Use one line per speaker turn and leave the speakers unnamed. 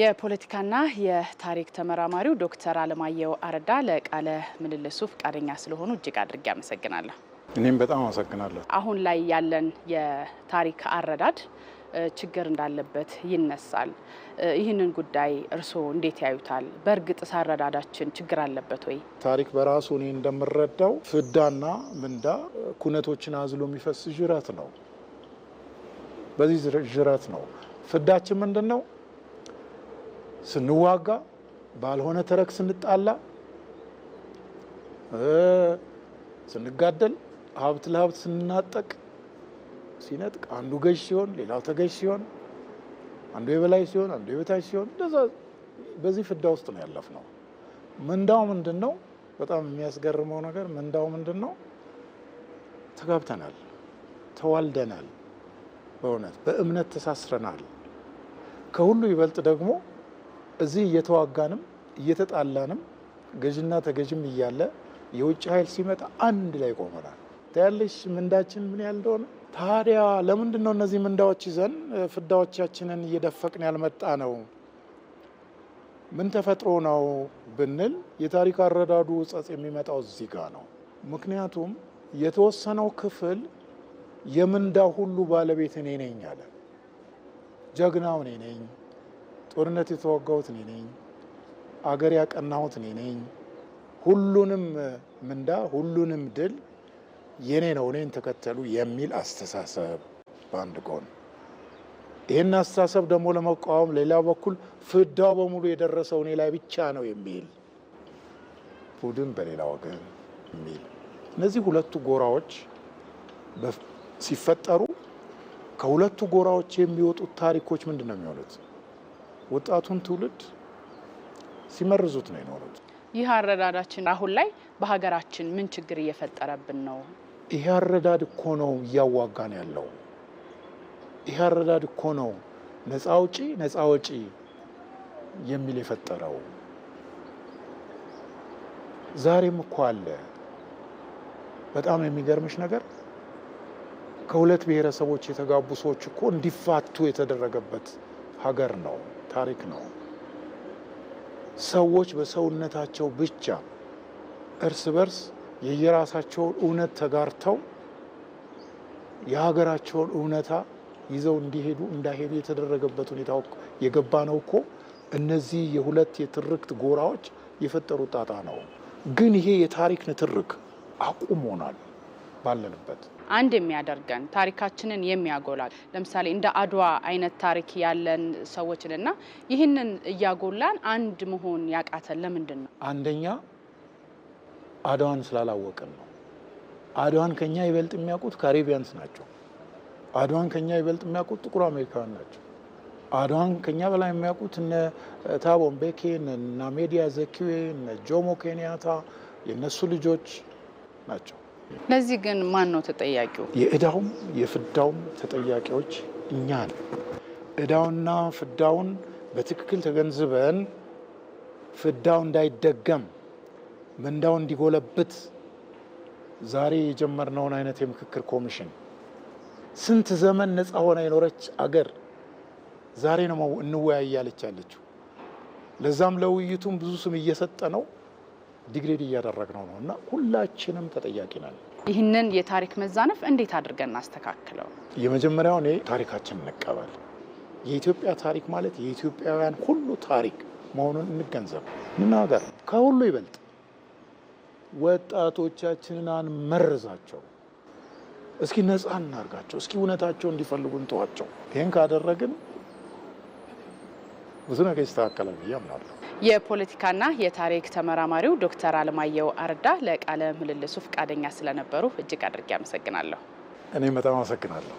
የፖለቲካና የታሪክ ተመራማሪው ዶክተር አለማየሁ አረዳ ለቃለ ምልልሱ ፈቃደኛ ስለሆኑ እጅግ አድርጌ አመሰግናለሁ።
እኔም በጣም አመሰግናለሁ።
አሁን ላይ ያለን የታሪክ አረዳድ ችግር እንዳለበት ይነሳል። ይህንን ጉዳይ እርስዎ እንዴት ያዩታል? በእርግጥ ሳረዳዳችን ችግር አለበት ወይ?
ታሪክ በራሱ እኔ እንደምረዳው ፍዳና ምንዳ ኩነቶችን አዝሎ የሚፈስ ጅረት ነው። በዚህ ጅረት ነው ፍዳችን ምንድን ነው? ስንዋጋ፣ ባልሆነ ተረክ ስንጣላ፣ ስንጋደል፣ ሀብት ለሀብት ስንናጠቅ፣ ሲነጥቅ አንዱ ገዥ ሲሆን ሌላው ተገዥ ሲሆን፣ አንዱ የበላይ ሲሆን አንዱ የበታች ሲሆን፣ እንደዛ በዚህ ፍዳ ውስጥ ነው ያለፍነው። ምንዳው ምንድን ነው? በጣም የሚያስገርመው ነገር ምንዳው ምንድን ነው? ተጋብተናል፣ ተዋልደናል፣ በእውነት በእምነት ተሳስረናል። ከሁሉ ይበልጥ ደግሞ እዚህ እየተዋጋንም እየተጣላንም ገዥና ተገዥም እያለ የውጭ ኃይል ሲመጣ አንድ ላይ ቆመናል። ታያለሽ ምንዳችን ምን ያህል እንደሆነ። ታዲያ ለምንድን ነው እነዚህ ምንዳዎች ይዘን ፍዳዎቻችንን እየደፈቅን ያልመጣ ነው? ምን ተፈጥሮ ነው ብንል የታሪክ አረዳዱ ጸጽ የሚመጣው እዚህ ጋር ነው። ምክንያቱም የተወሰነው ክፍል የምንዳ ሁሉ ባለቤት እኔ ነኝ አለ። ጀግናው እኔ ነኝ ጦርነት የተዋጋሁት እኔ ነኝ፣ አገር ያቀናሁት እኔ ነኝ፣ ሁሉንም ምንዳ ሁሉንም ድል የኔ ነው እኔን ተከተሉ የሚል አስተሳሰብ በአንድ ጎን፣ ይህን አስተሳሰብ ደግሞ ለመቃወም ሌላ በኩል ፍዳው በሙሉ የደረሰው እኔ ላይ ብቻ ነው የሚል ቡድን በሌላ ወገን የሚል እነዚህ ሁለቱ ጎራዎች ሲፈጠሩ ከሁለቱ ጎራዎች የሚወጡት ታሪኮች ምንድን ነው የሚሆኑት? ወጣቱን ትውልድ ሲመርዙት ነው የኖሩት።
ይህ አረዳዳችን አሁን ላይ በሀገራችን ምን ችግር እየፈጠረብን ነው?
ይህ አረዳድ እኮ ነው እያዋጋን ያለው። ይህ አረዳድ እኮ ነው ነፃ አውጪ ነፃ ወጪ የሚል የፈጠረው። ዛሬም እኮ አለ። በጣም የሚገርምሽ ነገር ከሁለት ብሔረሰቦች የተጋቡ ሰዎች እኮ እንዲፋቱ የተደረገበት ሀገር ነው። ታሪክ ነው። ሰዎች በሰውነታቸው ብቻ እርስ በርስ የየራሳቸውን እውነት ተጋርተው የሀገራቸውን እውነታ ይዘው እንዲሄዱ እንዳይሄዱ የተደረገበት ሁኔታ የገባ ነው እኮ እነዚህ የሁለት የትርክት ጎራዎች የፈጠሩ ጣጣ ነው። ግን ይሄ የታሪክ ንትርክ አቁሞናል ባለንበት
አንድ የሚያደርገን ታሪካችንን የሚያጎላል። ለምሳሌ እንደ አድዋ አይነት ታሪክ ያለን ና ይህንን እያጎላን አንድ መሆን ያቃተን ለምንድን ነው?
አንደኛ አድዋን ስላላወቅን ነው። አድዋን ከኛ ይበልጥ የሚያውቁት ካሪቢያንስ ናቸው። አድዋን ከኛ ይበልጥ የሚያውቁት ጥቁር አሜሪካውያን ናቸው። አድዋን ከኛ በላይ የሚያውቁት እነ ታቦ ምቤኪ፣ እነ ናሜዲያ ዘኪዌ፣ እነ ጆሞ ኬንያታ የእነሱ ልጆች ናቸው።
ለዚህ ግን ማን ነው ተጠያቂው?
የእዳውም የፍዳውም ተጠያቂዎች እኛ ነን። እዳውና ፍዳውን በትክክል ተገንዝበን ፍዳው እንዳይደገም ምንዳው እንዲጎለብት ዛሬ የጀመርነውን አይነት የምክክር ኮሚሽን ስንት ዘመን ነፃ ሆና የኖረች አገር ዛሬ ነው እንወያይ ያለች ያለችው። ለዛም ለውይይቱም ብዙ ስም እየሰጠ ነው። ዲግሬድ እያደረግነው ነው እና ሁላችንም ተጠያቂ ነን።
ይህንን የታሪክ መዛነፍ እንዴት አድርገን እናስተካክለው?
የመጀመሪያው እኔ ታሪካችን እንቀበል። የኢትዮጵያ ታሪክ ማለት የኢትዮጵያውያን ሁሉ ታሪክ መሆኑን እንገንዘብ። ምናገር ከሁሉ ይበልጥ ወጣቶቻችንን አንመርዛቸው። እስኪ ነፃ እናርጋቸው። እስኪ እውነታቸው እንዲፈልጉ እንተዋቸው። ይህን ካደረግን ብዙ ነገር ይስተካከላል ብዬ አምናለሁ። የፖለቲካና የታሪክ ተመራማሪው ዶክተር አለማየሁ አረዳ ለቃለ ምልልሱ ፈቃደኛ ስለነበሩ እጅግ አድርጌ አመሰግናለሁ። እኔም በጣም አመሰግናለሁ።